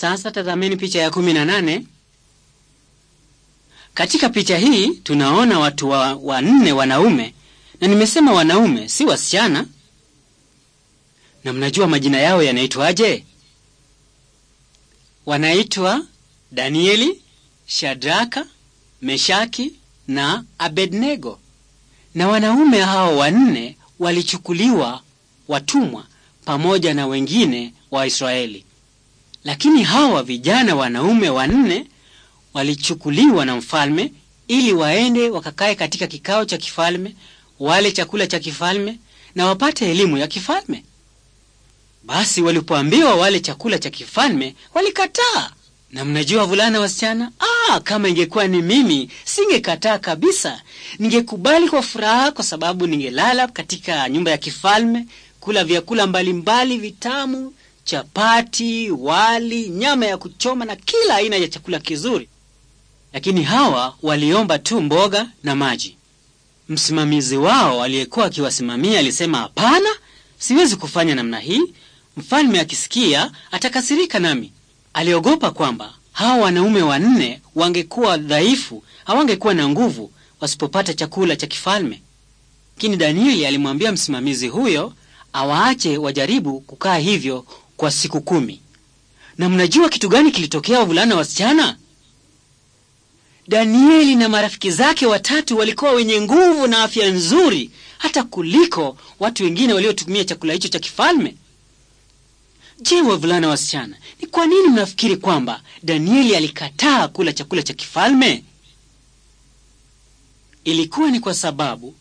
Sasa tazameni picha ya kumi na nane. Katika picha hii tunaona watu wanne wanaume, na nimesema wanaume, si wasichana. Na mnajua majina yao yanaitwaje? Wanaitwa Danieli, Shadraka, Meshaki na Abednego. Na wanaume hao wanne walichukuliwa watumwa pamoja na wengine wa Israeli. Lakini hawa vijana wanaume wanne walichukuliwa na mfalme ili waende wakakae katika kikao cha kifalme, wale chakula cha kifalme na wapate elimu ya kifalme. Basi walipoambiwa wale chakula cha kifalme walikataa. Na mnajua vulana, wasichana, ah, kama ingekuwa ni mimi singekataa kabisa, ningekubali kwa furaha, kwa sababu ningelala katika nyumba ya kifalme, kula vyakula mbalimbali mbali, vitamu chapati, wali, nyama ya kuchoma na kila aina ya chakula kizuri, lakini hawa waliomba tu mboga na maji. Msimamizi wao aliyekuwa akiwasimamia alisema, hapana, siwezi kufanya namna hii. Mfalme akisikia atakasirika nami. Aliogopa kwamba hawa wanaume wanne wangekuwa dhaifu, hawangekuwa na nguvu wasipopata chakula cha kifalme. Lakini Danieli alimwambia msimamizi huyo awaache wajaribu kukaa hivyo kwa siku kumi. Na mnajua kitu gani kilitokea wavulana wasichana? Danieli na marafiki zake watatu walikuwa wenye nguvu na afya nzuri hata kuliko watu wengine waliotumia chakula hicho cha kifalme. Je, wavulana wasichana, ni kwa nini mnafikiri kwamba Danieli alikataa kula chakula cha kifalme? Ilikuwa ni kwa sababu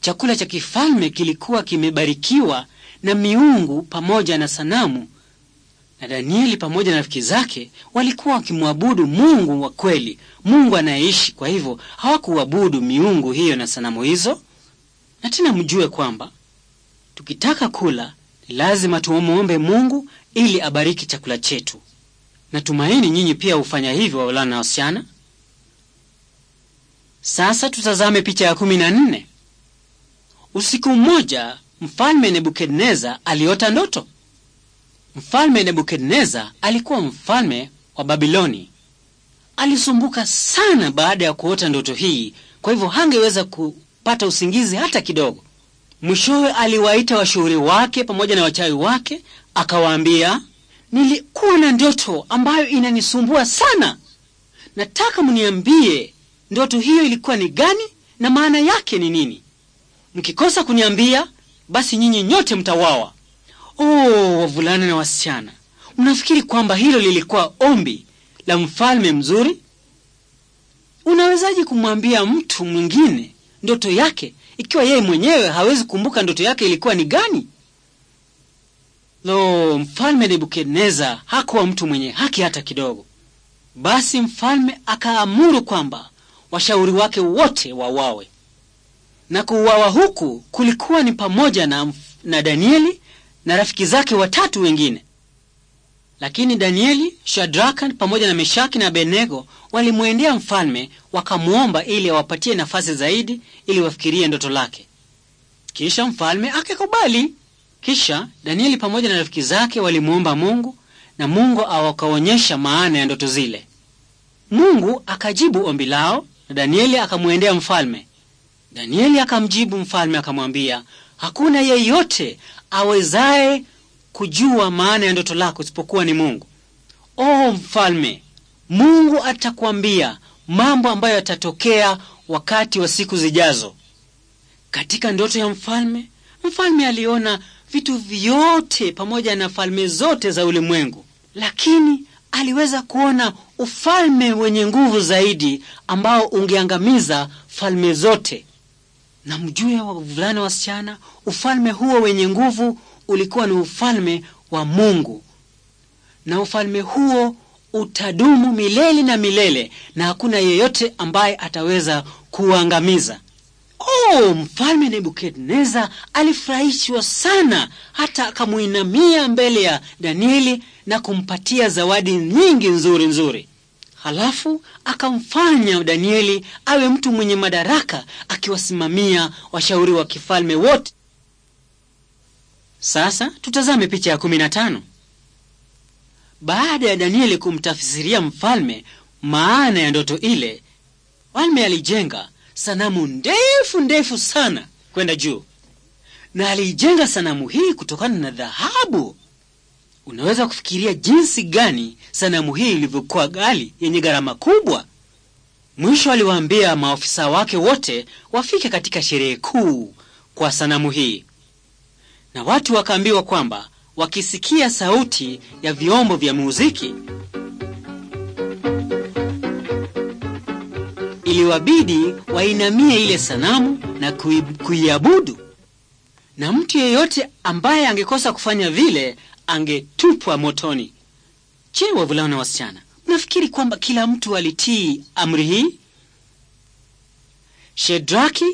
chakula cha kifalme kilikuwa kimebarikiwa na miungu pamoja na sanamu na Danieli pamoja na rafiki zake walikuwa wakimwabudu Mungu wa kweli, Mungu anayeishi. Kwa hivyo hawakuabudu miungu hiyo na sanamu hizo. Na tena mjue kwamba tukitaka kula ni lazima tumwombe Mungu ili abariki chakula chetu. Natumaini nyinyi pia hufanya hivyo, wavulana na wasichana. Sasa tutazame picha ya kumi na nne. Usiku mmoja mfalme Nebukadneza aliota ndoto. Mfalme Nebukadneza alikuwa mfalme wa Babiloni. Alisumbuka sana baada ya kuota ndoto hii, kwa hivyo hangeweza kupata usingizi hata kidogo. Mwishowe aliwaita washauri wake pamoja na wachawi wake, akawaambia, nilikuwa na ndoto ambayo inanisumbua sana. Nataka mniambie ndoto hiyo ilikuwa ni gani na maana yake ni nini? Mkikosa kuniambia, basi nyinyi nyote mtawawa. Oh, wavulana na wasichana, unafikiri kwamba hilo lilikuwa ombi la mfalme mzuri? Unawezaje kumwambia mtu mwingine ndoto yake ikiwa yeye mwenyewe hawezi kumbuka ndoto yake ilikuwa ni gani? Lo, mfalme Nebukadneza hakuwa mtu mwenye haki hata kidogo. Basi mfalme akaamuru kwamba washauri wake wote wawawe na kuuawa huku kulikuwa ni pamoja na, na Danieli na rafiki zake watatu wengine. Lakini Danieli, Shadraka pamoja na Meshaki na Abednego walimwendea mfalme wakamwomba ili awapatie nafasi zaidi ili wafikirie ndoto lake. Kisha mfalme akakubali. Kisha Danieli pamoja na rafiki zake walimwomba Mungu na Mungu awakaonyesha maana ya ndoto zile. Mungu akajibu ombi lao na Danieli akamwendea mfalme. Danieli akamjibu mfalme akamwambia, hakuna yeyote awezaye kujua maana ya ndoto lako isipokuwa ni Mungu? O mfalme, Mungu atakwambia mambo ambayo yatatokea wakati wa siku zijazo. Katika ndoto ya mfalme, mfalme aliona vitu vyote pamoja na falme zote za ulimwengu, lakini aliweza kuona ufalme wenye nguvu zaidi ambao ungeangamiza falme zote na mjue wa wasichana, ufalme huo wenye nguvu ulikuwa ni ufalme wa Mungu, na ufalme huo utadumu milele na milele, na hakuna yeyote ambaye ataweza kuangamiza. Oh, mfalme Nebukadneza alifurahishwa sana, hata akamuinamia mbele ya Danieli na kumpatia zawadi nyingi nzuri nzuri. Halafu akamfanya Danieli awe mtu mwenye madaraka, akiwasimamia washauri wa kifalme wote. Sasa tutazame picha ya tano. Baada ya Danieli kumtafsiria mfalme maana ya ndoto ile, mfalme alijenga sanamu ndefu ndefu sana kwenda juu, na aliijenga sanamu hii kutokana na dhahabu Unaweza kufikiria jinsi gani sanamu hii ilivyokuwa ghali, yenye gharama kubwa. Mwisho aliwaambia maofisa wake wote wafike katika sherehe kuu kwa sanamu hii, na watu wakaambiwa kwamba wakisikia sauti ya vyombo vya muziki iliwabidi wainamie ile sanamu na kuiabudu, na mtu yeyote ambaye angekosa kufanya vile angetupwa motoni. Je, wavulana na wasichana, mnafikiri kwamba kila mtu alitii amri hii? Shedraki,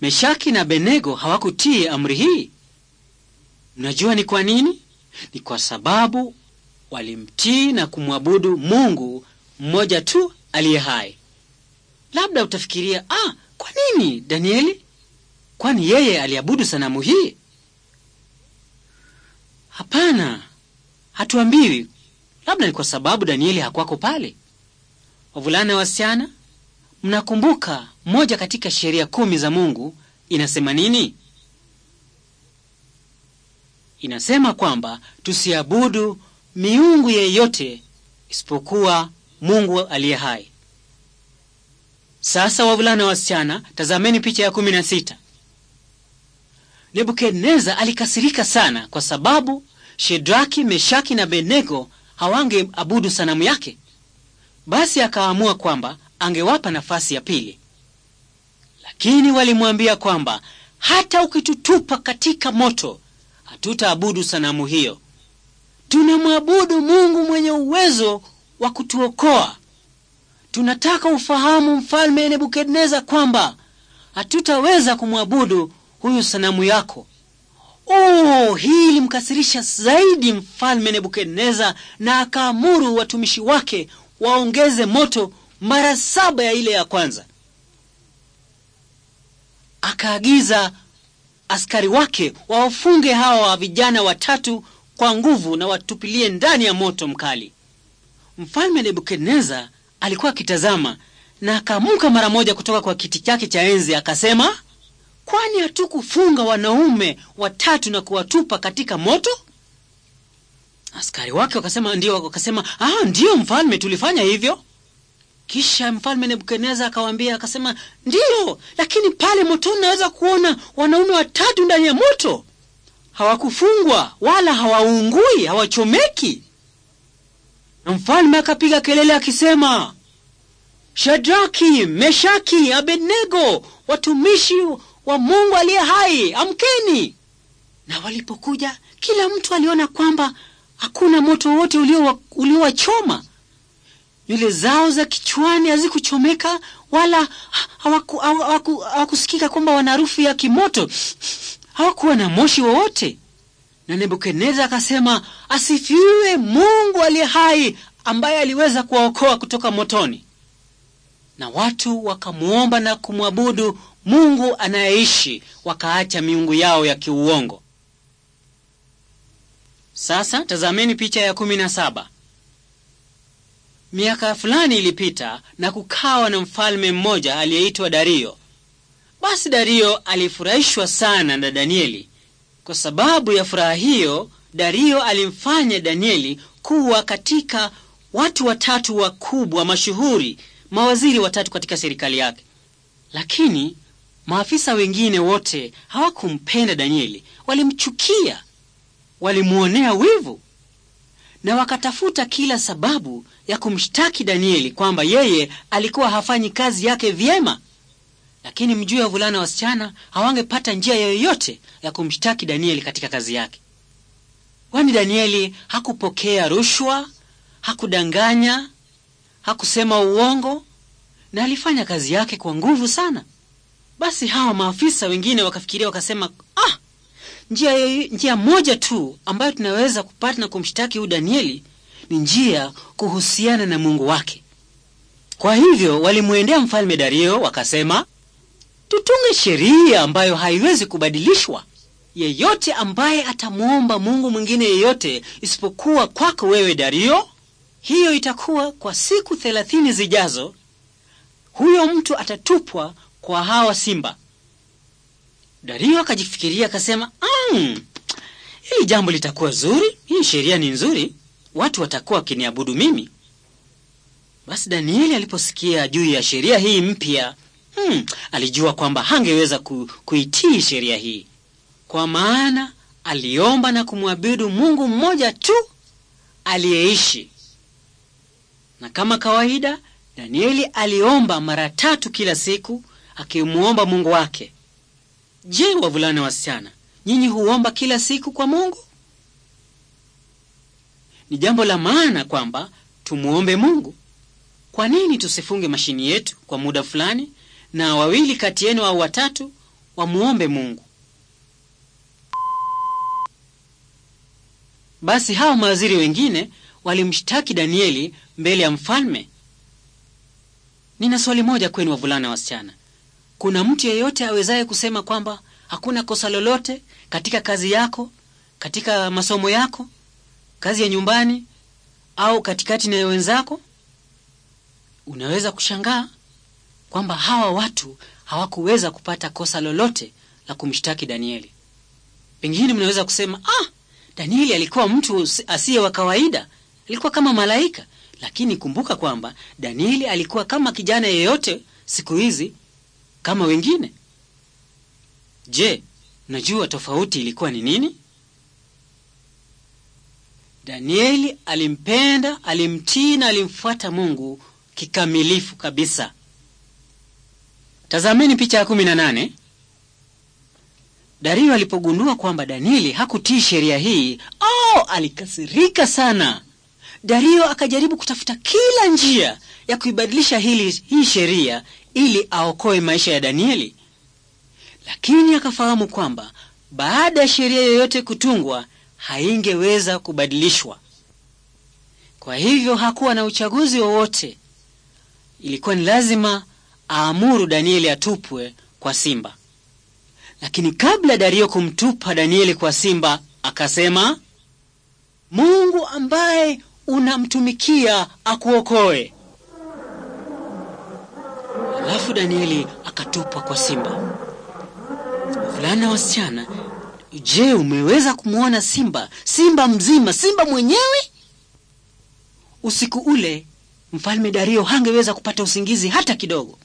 Meshaki na Benego hawakutii amri hii. Mnajua ni kwa nini? Ni kwa sababu walimtii na kumwabudu Mungu mmoja tu aliye hai. Labda utafikiria ah, kwa nini Danieli? Kwani yeye aliabudu sanamu hii? Hapana, hatuambiwi. Labda ni kwa sababu Danieli hakwako pale. Wavulana, wasichana, mnakumbuka moja katika sheria kumi za Mungu inasema nini? Inasema kwamba tusiabudu miungu yeyote isipokuwa Mungu aliye hai. Sasa wavulana, wasichana, tazameni picha ya kumi na sita. Nebukadneza alikasirika sana kwa sababu Shedraki, Meshaki na Abednego hawangeabudu sanamu yake. Basi akaamua kwamba angewapa nafasi ya pili, lakini walimwambia kwamba hata ukitutupa katika moto hatutaabudu sanamu hiyo, tunamwabudu Mungu mwenye uwezo wa kutuokoa. Tunataka ufahamu, mfalme Nebukadneza, kwamba hatutaweza kumwabudu huyu sanamu yako. Oh, hii ilimkasirisha zaidi mfalme Nebukadneza, na akaamuru watumishi wake waongeze moto mara saba ya ile ya kwanza. Akaagiza askari wake wawafunge hawa wa vijana watatu kwa nguvu na watupilie ndani ya moto mkali. Mfalme Nebukadneza alikuwa akitazama na akaamka mara moja kutoka kwa kiti chake cha enzi akasema, kwani hatukufunga wanaume watatu na kuwatupa katika moto? Askari wake wakasema ndio, wakasema ah, ndiyo mfalme, tulifanya hivyo. Kisha mfalme Nebukadneza akawaambia akasema, ndiyo, lakini pale motoni naweza kuona wanaume watatu ndani ya moto, hawakufungwa wala hawaungui, hawachomeki. Na mfalme akapiga kelele akisema, Shadraki, Meshaki, Abednego, watumishi wa Mungu aliye hai, amkeni! Na walipokuja kila mtu aliona kwamba hakuna moto wowote uliowachoma nywele zao za kichwani hazikuchomeka wala hawakusikika hawaku, kwamba wana harufu ya kimoto. Hawakuwa na moshi wowote. Na Nebukadneza akasema, asifiwe Mungu aliye hai ambaye aliweza kuwaokoa kutoka motoni. Na watu wakamwomba na kumwabudu Mungu anayeishi wakaacha miungu yao ya kiuongo. Sasa tazameni picha ya kumi na saba. Miaka fulani ilipita na kukawa na mfalme mmoja aliyeitwa Dario. Basi Dario alifurahishwa sana na Danieli. Kwa sababu ya furaha hiyo, Dario alimfanya Danieli kuwa katika watu watatu wakubwa mashuhuri, mawaziri watatu katika serikali yake. Lakini Maafisa wengine wote hawakumpenda Danieli, walimchukia, walimwonea wivu na wakatafuta kila sababu ya kumshtaki Danieli kwamba yeye alikuwa hafanyi kazi yake vyema. Lakini mjuu ya wavulana wasichana hawangepata njia yoyote ya kumshtaki Danieli katika kazi yake, kwani Danieli hakupokea rushwa, hakudanganya, hakusema uongo na alifanya kazi yake kwa nguvu sana. Basi hawa maafisa wengine wakafikiria wakasema, ah, njia, njia moja tu ambayo tunaweza kupata na kumshtaki huyu Danieli ni njia kuhusiana na Mungu wake. Kwa hivyo walimwendea mfalme Dario wakasema, tutunge sheria ambayo haiwezi kubadilishwa. Yeyote ambaye atamwomba Mungu mwingine yeyote isipokuwa kwako wewe Dario, hiyo itakuwa kwa siku thelathini zijazo, huyo mtu atatupwa kwa hawa simba. Dario akajifikiria akasema, mm, hili jambo litakuwa zuri, hii sheria ni nzuri, watu watakuwa wakiniabudu mimi. Basi Danieli aliposikia juu ya sheria hii mpya hmm, alijua kwamba hangeweza ku, kuitii sheria hii, kwa maana aliomba na kumwabudu Mungu mmoja tu aliyeishi. Na kama kawaida, Danieli aliomba mara tatu kila siku akimuomba Mungu wake. Je, wavulana wasichana, nyinyi huomba kila siku kwa Mungu? Ni jambo la maana kwamba tumwombe Mungu. Kwa nini tusifunge mashini yetu kwa muda fulani na wawili kati yenu au watatu wamwombe Mungu? Basi hao mawaziri wengine walimshtaki Danieli mbele ya mfalme. Nina swali moja kwenu wavulana wasichana. Kuna mtu yeyote awezaye kusema kwamba hakuna kosa lolote katika kazi yako, katika masomo yako, kazi ya nyumbani au katikati na wenzako? Unaweza kushangaa kwamba hawa watu hawakuweza kupata kosa lolote la kumshtaki Danieli. Pengine mnaweza kusema ah, Danieli alikuwa mtu asiye wa kawaida, alikuwa kama malaika. Lakini kumbuka kwamba Danieli alikuwa kama kijana yeyote siku hizi kama wengine? Je, najua tofauti ilikuwa ni nini? Danieli alimpenda, alimtii na alimfuata Mungu kikamilifu kabisa. Tazameni picha ya kumi na nane. Dario alipogundua kwamba Danieli hakutii sheria hii, oh, alikasirika sana. Dario akajaribu kutafuta kila njia ya kuibadilisha hili hii sheria ili aokoe maisha ya Danieli, lakini akafahamu kwamba baada ya sheria yoyote kutungwa haingeweza kubadilishwa. Kwa hivyo hakuwa na uchaguzi wowote, ilikuwa ni lazima aamuru Danieli atupwe kwa simba. Lakini kabla Dario kumtupa Danieli kwa simba, akasema Mungu ambaye unamtumikia akuokoe. alafu Danieli akatupwa kwa simba. Wavulana, wasichana, je, umeweza kumwona simba? Simba mzima, simba mwenyewe? Usiku ule mfalme Dario hangeweza kupata usingizi hata kidogo,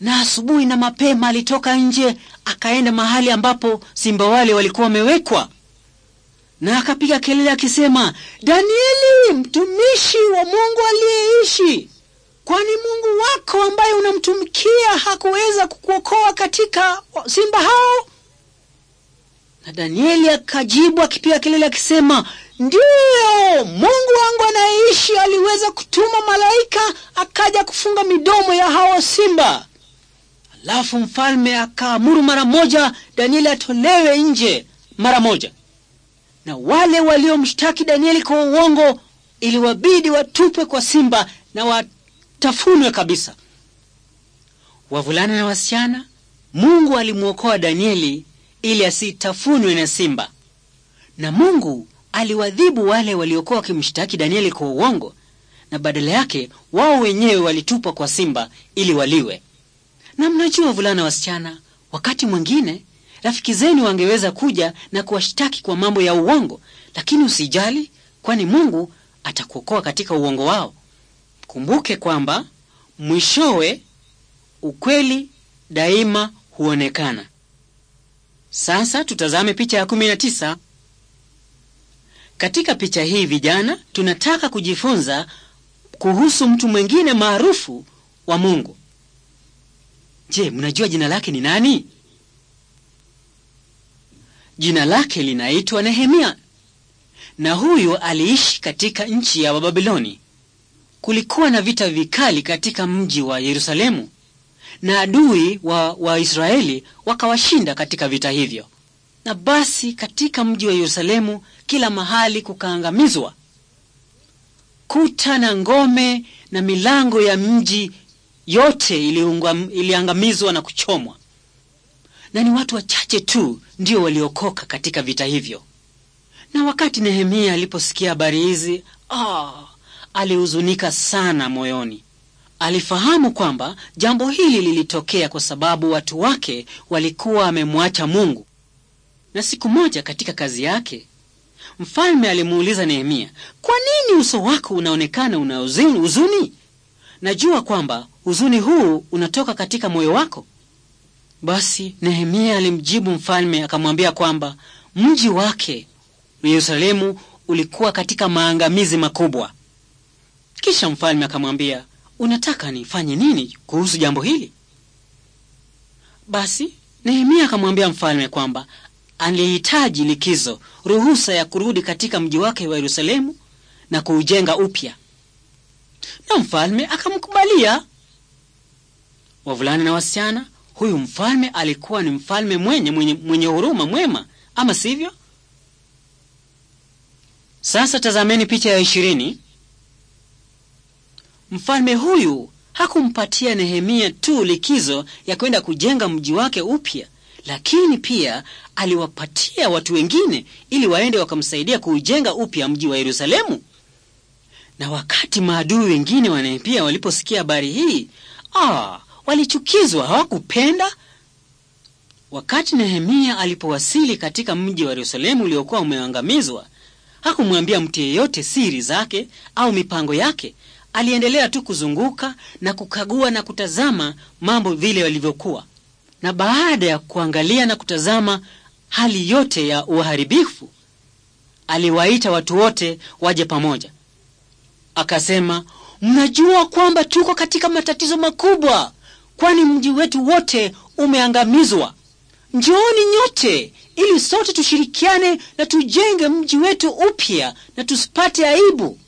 na asubuhi na mapema alitoka nje akaenda mahali ambapo simba wale walikuwa wamewekwa na akapiga kelele akisema, Danieli, mtumishi wa Mungu aliyeishi, kwani Mungu wako ambaye unamtumikia hakuweza kukuokoa katika simba hao? Na Danieli akajibu akipiga kelele akisema, ndiyo, Mungu wangu anayeishi aliweza kutuma malaika akaja kufunga midomo ya hao simba. Alafu mfalme akaamuru mara moja Danieli atolewe nje mara moja na wale waliomshtaki Danieli kwa uongo iliwabidi watupwe kwa simba na watafunwe kabisa. Wavulana na wasichana, Mungu alimwokoa Danieli ili asitafunwe na simba, na Mungu aliwadhibu wale waliokuwa wakimshtaki Danieli kwa uongo, na badala yake wao wenyewe walitupwa kwa simba ili waliwe. Na mnajua wavulana, wasichana, wakati mwingine Rafiki zenu wangeweza kuja na kuwashtaki kwa mambo ya uongo, lakini usijali, kwani Mungu atakuokoa katika uongo wao. Kumbuke kwamba mwishowe ukweli daima huonekana. Sasa tutazame picha ya 19. Katika picha hii vijana, tunataka kujifunza kuhusu mtu mwingine maarufu wa Mungu. Je, mnajua jina lake ni nani? Jina lake linaitwa Nehemia na huyo aliishi katika nchi ya Wababiloni. Kulikuwa na vita vikali katika mji wa Yerusalemu na adui wa Waisraeli wakawashinda katika vita hivyo, na basi katika mji wa Yerusalemu kila mahali kukaangamizwa. Kuta na ngome na milango ya mji yote iliangamizwa na kuchomwa na ni watu wachache tu ndio waliokoka katika vita hivyo. Na wakati Nehemia aliposikia habari hizi, oh, alihuzunika sana moyoni. Alifahamu kwamba jambo hili lilitokea kwa sababu watu wake walikuwa wamemwacha Mungu. Na siku moja katika kazi yake, mfalme alimuuliza Nehemia, kwa nini uso wako unaonekana una huzuni? Najua kwamba huzuni huu unatoka katika moyo wako. Basi Nehemia alimjibu mfalme akamwambia kwamba mji wake Yerusalemu ulikuwa katika maangamizi makubwa. Kisha mfalme akamwambia, unataka nifanye nini kuhusu jambo hili? Basi Nehemia akamwambia mfalme kwamba alihitaji likizo, ruhusa ya kurudi katika mji wake wa Yerusalemu na kuujenga upya, na mfalme akamkubalia. Wavulana na wasichana Huyu mfalme alikuwa ni mfalme mwenye mwenye, mwenye huruma mwema, ama sivyo? Sasa tazameni picha ya ishirini. Mfalme huyu hakumpatia Nehemia tu likizo ya kwenda kujenga mji wake upya, lakini pia aliwapatia watu wengine ili waende wakamsaidia kuujenga upya mji wa Yerusalemu. Na wakati maadui wengine wa Nehemia waliposikia habari hii, ah, Walichukizwa, hawakupenda. Wakati Nehemia alipowasili katika mji wa Yerusalemu uliokuwa umeangamizwa, hakumwambia mtu yeyote siri zake au mipango yake. Aliendelea tu kuzunguka na kukagua na kutazama mambo vile yalivyokuwa, na baada ya kuangalia na kutazama hali yote ya uharibifu, aliwaita watu wote waje pamoja, akasema, mnajua kwamba tuko katika matatizo makubwa kwani mji wetu wote umeangamizwa. Njooni nyote ili sote tushirikiane na tujenge mji wetu upya na tusipate aibu.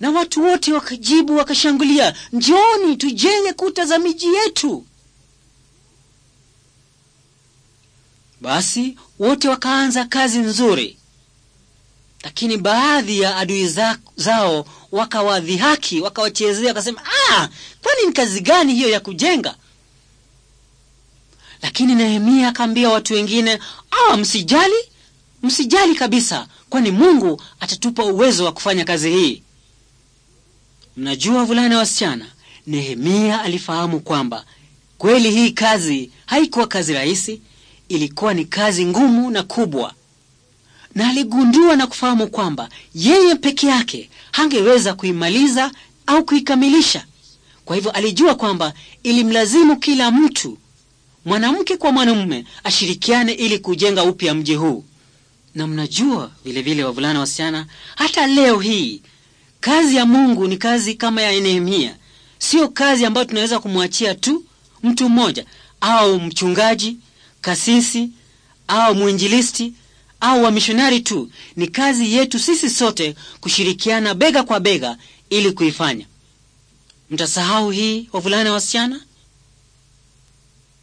Na watu wote wakajibu wakashangulia, njooni tujenge kuta za miji yetu. Basi wote wakaanza kazi nzuri, lakini baadhi ya adui zao wakawadhihaki, wakawachezea, wakasema ah, kwani ni kazi gani hiyo ya kujenga? Lakini Nehemia akaambia watu wengine, awa, msijali, msijali kabisa, kwani Mungu atatupa uwezo wa kufanya kazi hii. Mnajua vulana, wasichana, Nehemia alifahamu kwamba kweli hii kazi haikuwa kazi rahisi, ilikuwa ni kazi ngumu na kubwa, na aligundua na kufahamu kwamba yeye peke yake hangeweza kuimaliza au kuikamilisha. Kwa hivyo alijua kwamba ilimlazimu kila mtu, mwanamke kwa mwanamume, ashirikiane ili kujenga upya mji huu. Na mnajua vile vile, wavulana wasichana, hata leo hii kazi ya Mungu ni kazi kama ya Nehemia, sio kazi ambayo tunaweza kumwachia tu mtu mmoja au mchungaji, kasisi au mwinjilisti au wamishonari tu. Ni kazi yetu sisi sote kushirikiana bega kwa bega ili kuifanya. Mtasahau hii wavulana wasichana?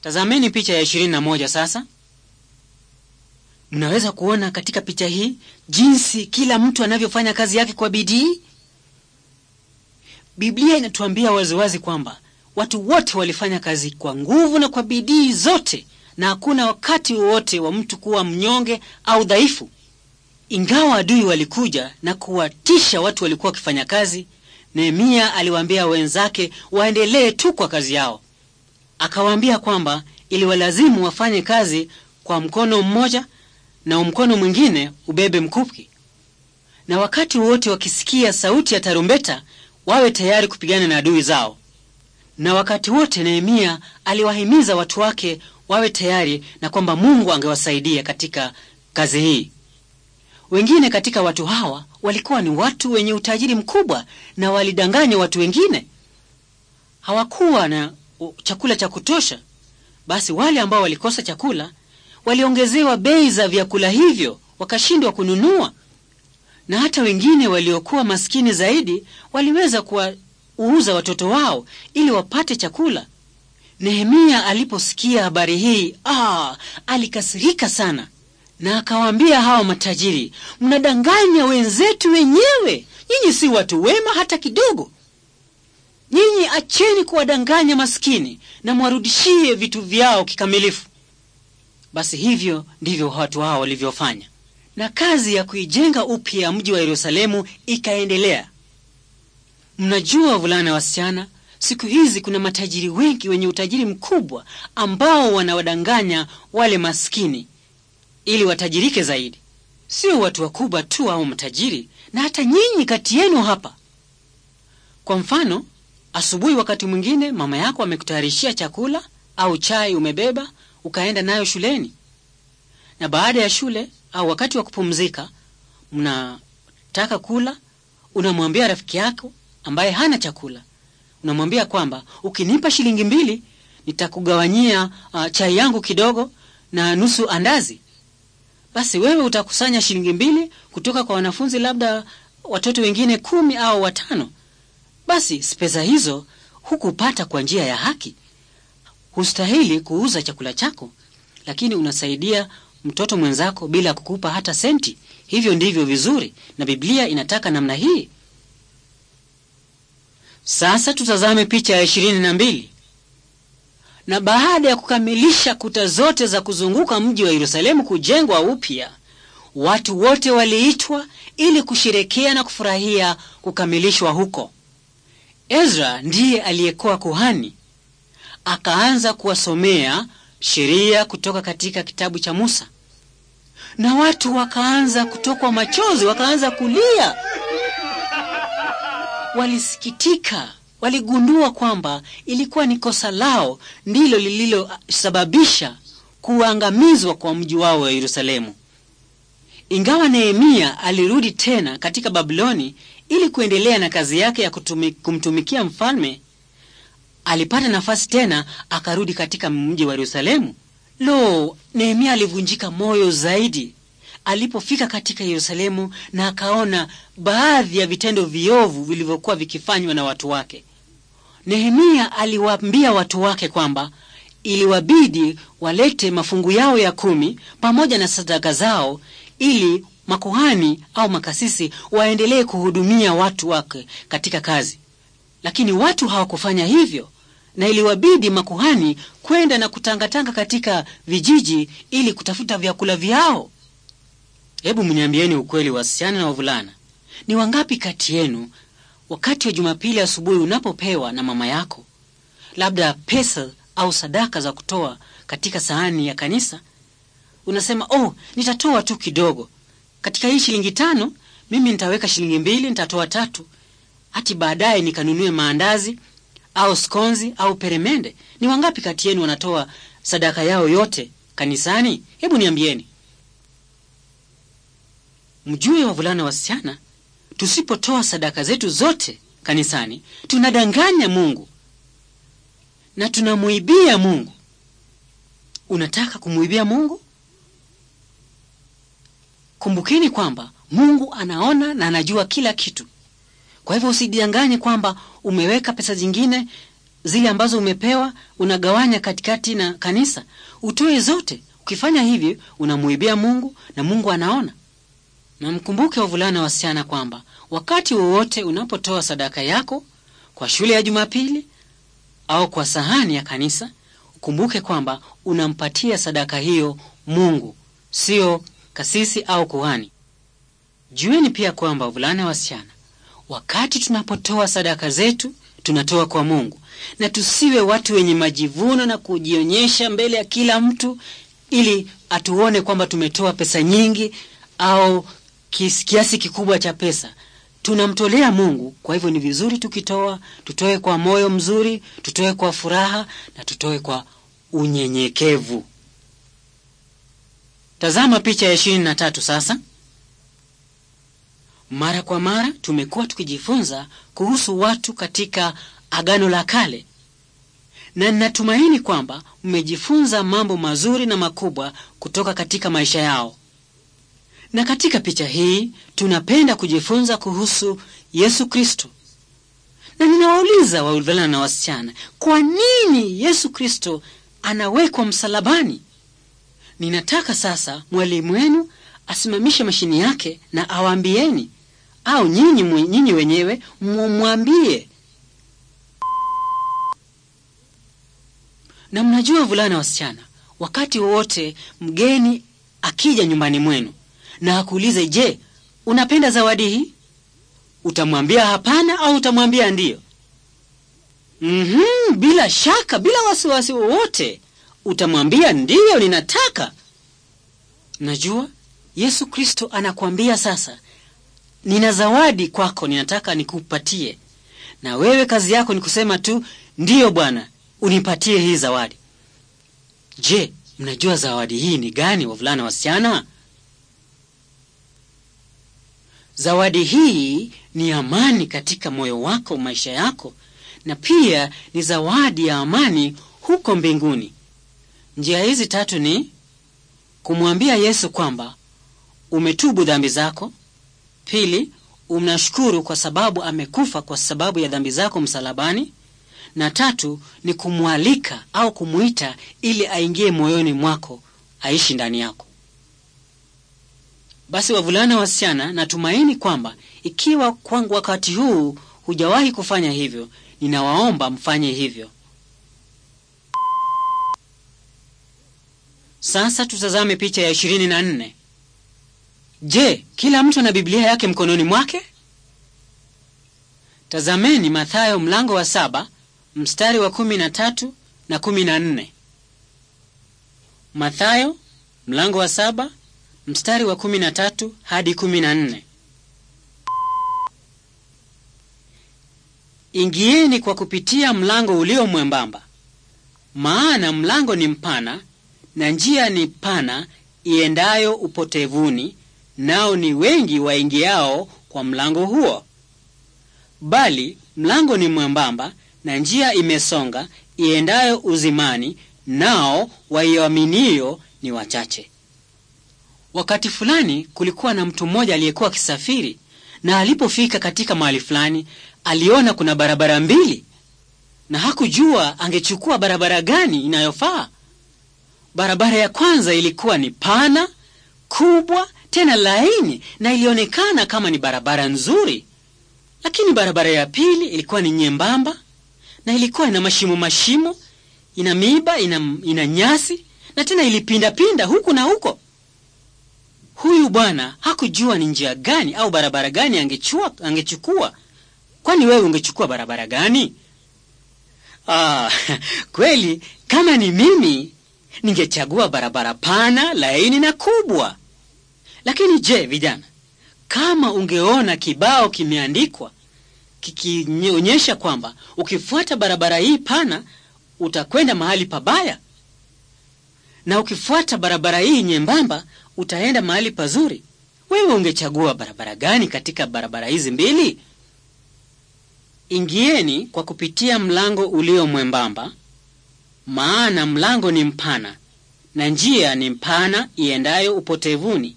Tazameni picha ya ishirini na moja sasa. Mnaweza kuona katika picha hii jinsi kila mtu anavyofanya kazi yake kwa bidii. Biblia inatuambia waziwazi kwamba watu wote walifanya kazi kwa nguvu na kwa bidii zote, na hakuna wakati wowote wa mtu kuwa mnyonge au dhaifu. Ingawa adui walikuja na kuwatisha, watu walikuwa wakifanya kazi Nehemia aliwaambia wenzake waendelee tu kwa kazi yao. Akawaambia kwamba iliwalazimu wafanye kazi kwa mkono mmoja na mkono mwingine ubebe mkuki, na wakati wote wakisikia sauti ya tarumbeta wawe tayari kupigana na adui zao. Na wakati wote Nehemia aliwahimiza watu wake wawe tayari na kwamba Mungu angewasaidia katika kazi hii. Wengine katika watu hawa walikuwa ni watu wenye utajiri mkubwa na walidanganya watu wengine. Hawakuwa na chakula cha kutosha, basi wale ambao walikosa chakula waliongezewa bei za vyakula hivyo wakashindwa kununua, na hata wengine waliokuwa maskini zaidi waliweza kuwauza watoto wao ili wapate chakula. Nehemia aliposikia habari hii, ah, alikasirika sana na akawaambia hawa matajiri, mnadanganya wenzetu wenyewe. Nyinyi si watu wema hata kidogo. Nyinyi acheni kuwadanganya maskini na mwarudishie vitu vyao kikamilifu. Basi hivyo ndivyo watu hao walivyofanya, na kazi ya kuijenga upya mji wa Yerusalemu ikaendelea. Mnajua wavulana, wasichana, siku hizi kuna matajiri wengi wenye utajiri mkubwa ambao wanawadanganya wale maskini ili watajirike zaidi. Sio watu wakubwa tu au matajiri na hata nyinyi kati yenu hapa. Kwa mfano, asubuhi, wakati mwingine mama yako amekutayarishia chakula au chai, umebeba ukaenda nayo shuleni, na baada ya shule au wakati wa kupumzika, mnataka kula, unamwambia rafiki yako ambaye hana chakula, unamwambia kwamba ukinipa shilingi mbili nitakugawanyia uh, chai yangu kidogo na nusu andazi basi wewe utakusanya shilingi mbili kutoka kwa wanafunzi labda watoto wengine kumi au watano. Basi pesa hizo hukupata kwa njia ya haki. Hustahili kuuza chakula chako, lakini unasaidia mtoto mwenzako bila kukupa hata senti. Hivyo ndivyo vizuri, na Biblia inataka namna hii. Sasa tutazame picha ya ishirini na mbili. Na baada ya kukamilisha kuta zote za kuzunguka mji wa Yerusalemu kujengwa upya, watu wote waliitwa ili kusherekea na kufurahia kukamilishwa huko. Ezra ndiye aliyekuwa kuhani, akaanza kuwasomea sheria kutoka katika kitabu cha Musa, na watu wakaanza kutokwa machozi, wakaanza kulia, walisikitika waligundua kwamba ilikuwa ni kosa lao ndilo lililosababisha kuangamizwa kwa mji wao wa Yerusalemu. Ingawa Nehemia alirudi tena katika Babiloni ili kuendelea na kazi yake ya kumtumikia mfalme, alipata nafasi tena akarudi katika mji wa Yerusalemu. Lo, Nehemia alivunjika moyo zaidi alipofika katika Yerusalemu na akaona baadhi ya vitendo viovu vilivyokuwa vikifanywa na watu wake. Nehemia aliwaambia watu wake kwamba iliwabidi walete mafungu yao ya kumi pamoja na sadaka zao ili makuhani au makasisi waendelee kuhudumia watu wake katika kazi, lakini watu hawakufanya hivyo, na iliwabidi makuhani kwenda na kutangatanga katika vijiji ili kutafuta vyakula vyao. Hebu mniambieni ukweli, wasichana na wavulana, ni wangapi kati yenu wakati wa Jumapili asubuhi unapopewa na mama yako labda pesa au sadaka za kutoa katika sahani ya kanisa, unasema oh, nitatoa tu kidogo katika hii shilingi tano, mimi nitaweka shilingi mbili, nitatoa tatu, hati baadaye nikanunue maandazi au skonzi au peremende. Ni wangapi kati yenu wanatoa sadaka yao yote kanisani? Hebu niambieni. Mjue wavulana wasichana, tusipotoa sadaka zetu zote kanisani tunadanganya Mungu na tunamwibia Mungu. Unataka kumwibia Mungu? Kumbukeni kwamba Mungu anaona na anajua kila kitu. Kwa hivyo usidanganye kwamba umeweka pesa zingine zile ambazo umepewa unagawanya katikati na kanisa, utoe zote. Ukifanya hivyo unamwibia Mungu na Mungu anaona. Na mkumbuke wavulana wasichana kwamba wakati wowote unapotoa sadaka yako kwa shule ya Jumapili au kwa sahani ya kanisa, ukumbuke kwamba unampatia sadaka hiyo Mungu, siyo kasisi au kuhani. Jueni pia kwamba wavulana wasichana, wakati tunapotoa sadaka zetu tunatoa kwa Mungu, na tusiwe watu wenye majivuno na kujionyesha mbele ya kila mtu ili atuone kwamba tumetoa pesa nyingi au kiasi kikubwa cha pesa tunamtolea Mungu. Kwa hivyo ni vizuri tukitoa, tutoe kwa moyo mzuri, tutoe kwa furaha na tutoe kwa unyenyekevu. Tazama picha ya ishirini na tatu sasa. Mara kwa mara tumekuwa tukijifunza kuhusu watu katika Agano la Kale, na ninatumaini kwamba mmejifunza mambo mazuri na makubwa kutoka katika maisha yao. Na katika picha hii tunapenda kujifunza kuhusu Yesu Kristo, na ninawauliza wavulana na wasichana, kwa nini Yesu Kristo anawekwa msalabani? Ninataka sasa mwalimu wenu asimamishe mashini yake na awaambieni, au nyinyi nyinyi wenyewe mumwambie. Na mnajua vulana na wasichana, wakati wowote mgeni akija nyumbani mwenu na akuulize, je, unapenda zawadi hii? Utamwambia hapana au utamwambia ndiyo? Mm -hmm, bila shaka, bila wasiwasi wowote utamwambia ndiyo, ninataka. Najua Yesu Kristo anakuambia sasa, nina zawadi kwako, ninataka nikupatie, na wewe kazi yako ni kusema tu ndiyo, Bwana, unipatie hii zawadi. Je, mnajua zawadi hii ni gani, wavulana, wasichana? Zawadi hii ni amani katika moyo wako, maisha yako, na pia ni zawadi ya amani huko mbinguni. Njia hizi tatu ni kumwambia Yesu kwamba umetubu dhambi zako; pili, unashukuru kwa sababu amekufa kwa sababu ya dhambi zako msalabani; na tatu ni kumwalika au kumuita ili aingie moyoni mwako, aishi ndani yako. Basi wavulana wasichana, natumaini kwamba ikiwa kwangu wakati huu hujawahi kufanya hivyo, ninawaomba mfanye hivyo. Sasa tutazame picha ya ishirini na nne. Je, kila mtu ana Biblia yake mkononi mwake? Tazameni Mathayo mlango wa saba mstari wa kumi na tatu na kumi na nne. Mathayo mlango wa saba Mstari wa kumi na tatu hadi kumi na nne. Ingieni kwa kupitia mlango ulio mwembamba, maana mlango ni mpana na njia ni pana iendayo upotevuni, nao ni wengi waingiao kwa mlango huo. Bali mlango ni mwembamba na njia imesonga iendayo uzimani, nao waioaminio ni wachache. Wakati fulani kulikuwa na mtu mmoja aliyekuwa akisafiri, na alipofika katika mahali fulani aliona kuna barabara mbili, na hakujua angechukua barabara gani inayofaa. Barabara ya kwanza ilikuwa ni pana, kubwa, tena laini, na ilionekana kama ni barabara nzuri, lakini barabara ya pili ilikuwa ni nyembamba na ilikuwa ina mashimo mashimo, ina miiba, ina, ina nyasi na tena ilipindapinda huku na huko. Huyu bwana hakujua ni njia gani au barabara gani angechua, angechukua. Kwani wewe ungechukua barabara gani? Ah, kweli kama ni mimi ningechagua barabara pana, laini na kubwa. Lakini je, vijana, kama ungeona kibao kimeandikwa kikionyesha kwamba ukifuata barabara hii pana utakwenda mahali pabaya, na ukifuata barabara hii nyembamba utaenda mahali pazuri. Wewe ungechagua barabara gani katika barabara hizi mbili? Ingieni kwa kupitia mlango ulio mwembamba, maana mlango ni mpana na njia ni mpana iendayo upotevuni,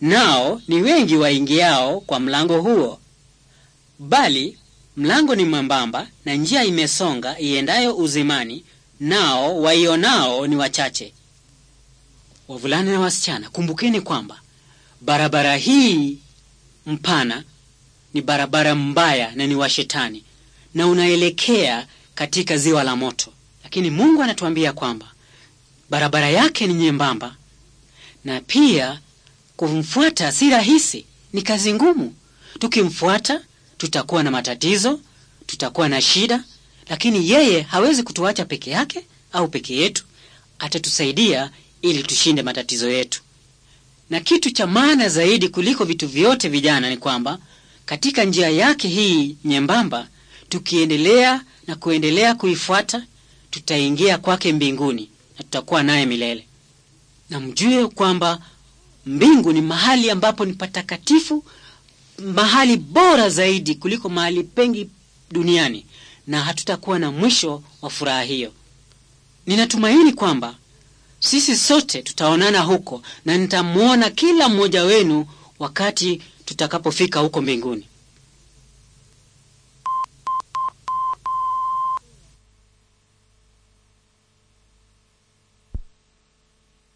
nao ni wengi waingiao kwa mlango huo. Bali mlango ni mwembamba na njia imesonga iendayo uzimani, nao waionao ni wachache. Wavulana na wasichana, kumbukeni kwamba barabara hii mpana ni barabara mbaya na ni wa shetani na unaelekea katika ziwa la moto, lakini Mungu anatuambia kwamba barabara yake ni nyembamba na pia kumfuata si rahisi, ni kazi ngumu. Tukimfuata tutakuwa na matatizo, tutakuwa na shida, lakini yeye hawezi kutuacha peke yake au peke yetu, atatusaidia ili tushinde matatizo yetu. Na kitu cha maana zaidi kuliko vitu vyote, vijana, ni kwamba katika njia yake hii nyembamba, tukiendelea na kuendelea kuifuata, tutaingia kwake mbinguni na tutakuwa naye milele. Na mjue kwamba mbingu ni mahali ambapo ni patakatifu, mahali bora zaidi kuliko mahali pengi duniani, na hatutakuwa na mwisho wa furaha hiyo. Ninatumaini kwamba sisi sote tutaonana huko na nitamwona kila mmoja wenu wakati tutakapofika huko mbinguni.